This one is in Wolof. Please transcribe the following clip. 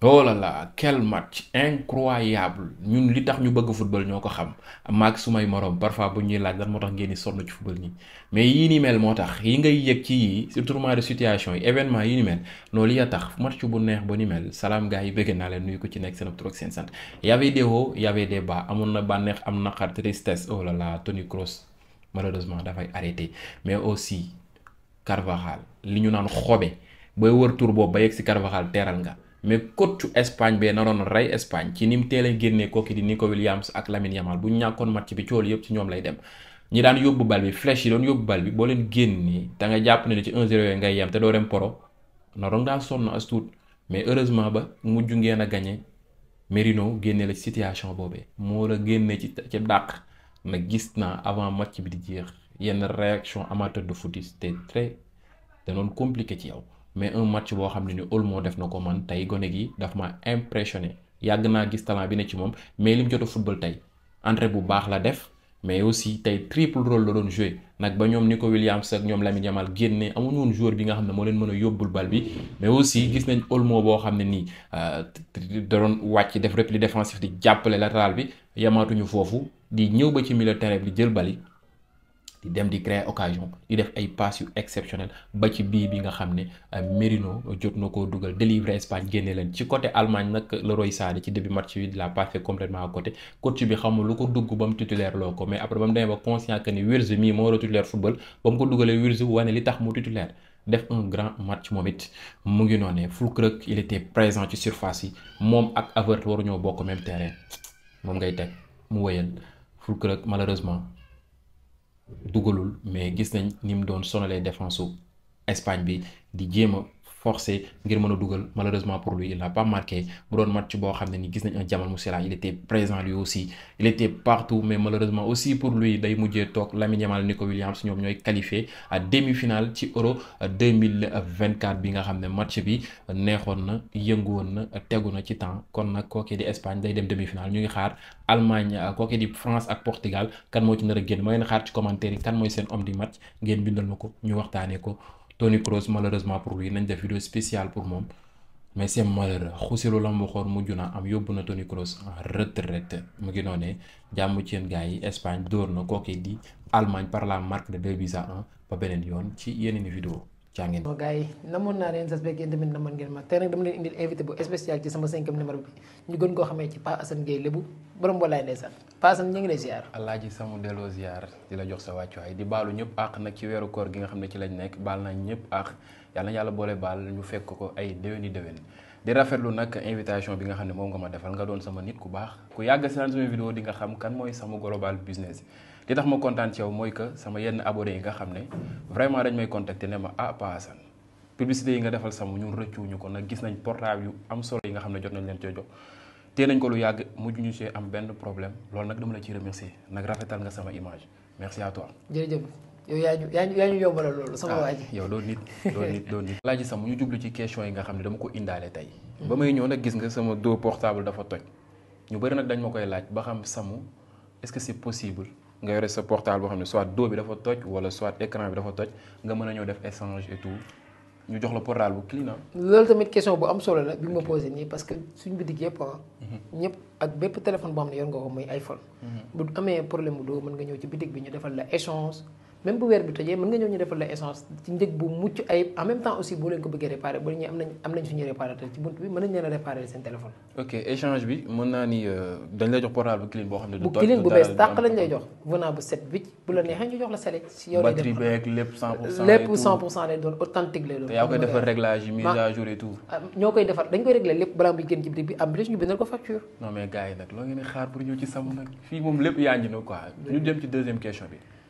oh là là quel match incroyable ñu li tax ñu bëgg football ñoo ko xam maak su may morom parfois bu ñuy laaj lan moo tax ngeen di sonn ci football nii mais yii ni mel moo tax yi ngay yëg ci yii surtout de situation yi événement yi ni mel loolu ya tax match bu neex ba ni mel salaam gars yi bëgg naa leen nuyu ko ci nekk seen tur ak seen sant y avait des hauts y avait des amoon na bànneex am naqar tristesse oh là là Toni Kroos malheureusement dafay arrêté mais aussi Carvajal li ñu naan xobe booy wër tur boobu ba yegg si Carvajal teeral nga. mais coachu Espagne bee naroon rey Espagne ci ni mu teel a génnee kooki di Nico Williams ak Lamine Yamal bu ñu ñàkkoon match bi cool yëpp ci ñoom lay dem ñi daan yóbbu bal bi flèche yi doon yóbbu bal bi boo leen génnee da nga jàpp ne ci 1-0 yooyu ngay yem te doo dem poro naroon ngaa sonn as tuut mais heureusement ba mujj ngeen a gagné Merino génnee la ci situation boobee moo la génne ci ci dàq na gis naa avant match bi di jeex yenn réaction amateur de foot c'était très danoon compliqué ci yow. mais un match boo xam ne ni Olmo def na ko man tey gone gi daf ma impressionné yàgg naa gis talent bi ne ci moom mais lim jot a football tey entrée bu baax la def mais aussi tey triple rôle la doon joué nag ba ñoom ko Williams ak ñoom Lamine Yamal génne amuñu woon joueur bi nga xam ne moo leen mën a yóbbul bal bi mais aussi gis nañ Olmo boo xam ne nii euh, da doon wàcc def repli défensif di jàppale latéral bi yamaatuñu foofu di ñëw ba ci milieu terrain bi jël bali di dem di créer occasion di def ay passes yu exceptionnel ba ci bii bi nga xam ne euh, Merino jot na koo dugal délivrer Espagne génne leen ci côté Allemagne nag Leroy Sané ci début match bi la passé complètement à côté coach bi xamul lu ko dugg ba mu titulaire loo ko mais après ba mu demee ba conscient que ni Wirtz mii moo war a titulaire football ba mu ko dugalee Wirtz wane li tax mu titulaire def un grand match moom it mu ngi noonee Füllkrug il était présent ci surface yi moom ak Havertz waruñoo bokk même terrain moom ngay teg mu wëyal Füllkrug malheureusement. dugalul mais gis nañ ni mu doon sonalee défense su Espagne bi di jéema forcé ngir mën a dugal malheureusement pour lui il a pas marqué mu doon match boo xam ne ni gis nañ un Jamal Musiala il était présent lui aussi il était partout mais malheureusement aussi pour lui day mujjee toog Lamine Yamal Nico Williams ñoom ñooy qualifié à demi-finale ci Euro 2024 bi nga xam ne match bi neexoon na yëngu woon na tegu na ci temps kon nag kookee di Espagne day dem demi-finale ñu ngi xaar Allemagne ah, kookee di France ak kan moo ci nar a ma ngeen xaar ci yi kan mooy seen homme du match ngeen ko ñu waxtaanee ko Tony Kroos malheureusement pour lui nañ def vidéo spéciale pour moom mais c'est malheureux xusilu la mu mujj na am yóbbu na Toni Kroos en retraite mu ngi noonee jàmm ci yéen gars yi Espagne dóor na kooku di Allemagne par la marque de 2 buts à ba beneen yoon ci yeneen vidéo caa ngeen. gars yi namoon naa leen sas beeg yéen tamit namoon ngeen ma tey nag dama leen indil invité bu spécial ci sama cinquième numéro bi ñu gën koo xamee ci Pa Assane Gueye lébu Paasam ñu ngi lay ziar. Alaaji Samu delloo ziar di la jox sa wàccuwaay di baalu ñëpp àq nag ci weeru koor gi nga xam ne ci lañ nekk baal nañ ñëpp àq yàlla na yàlla boole ñu fekk ko ay déwéni déwén di rafetlu nag invitation bi nga xam ne moom nga ma defal nga doon sama nit ku baax ku yàgg seen sama vidéo di nga xam kan mooy Samu global business li tax ma kontaan ci yow mooy que sama yenn abonné yi nga xam ne vraiment dañ may contacter ne ma ah Paasan publicité yi nga defal Samu ñun rëccuwuñu ko nag gis nañ portable yu am solo yi nga xam ne jot nañ leen coo jox tee nañ ko lu yàgg mujj ñu see am benn problème loolu nag dama la ci remercier nag rafetal nga sama image merci à toi. jërëjëf yow yaa ñu yaa ñu yombalal ah, waa yow doo nit doo nit laaj sax mu ñu jublu ci question yi nga xam ne dama ko indaale tey. ba may ñëw nag gis nga sama dos portable dafa toj. ñu bëri nag dañ ma koy laaj ba xam samu est-ce que c'est possible nga yore sa portable boo xam ne soit dos bi dafa toj wala soit écran bi dafa toj nga mën a ñëw def echange et ñu jox la portal bu clean ah. loolu tamit question bu am solo bi ma posé nii parce que suñ bitig yëpp ah. Mhm. ñëpp ak bépp téléphone boo xam ne yor nga ko muy iPhone. Mhm. bu amee problème bu doo mën nga ñëw ci bitig bi ñu defal la échange. même bu weer bi tojee mën nga ñëw ñu defal la essence ci njëg bu mucc ayib en même temps aussi boo leen ko bëggee réparé ba ñu am nañ suñu réparateur ci bunt bi mën nañ leen réparé seen téléphone. ok échange bi mën naa ni euh, dañ lay jox portable bu clean boo xam ne. bu lay jox venant bu set bi bu la neexee ñu jox la sele si yow lay def batterie lay doon authentique lay doon. te yaa koy defar réglage yi mise à jour et tout. Ah, ñoo koy defar dañ koy réglé lépp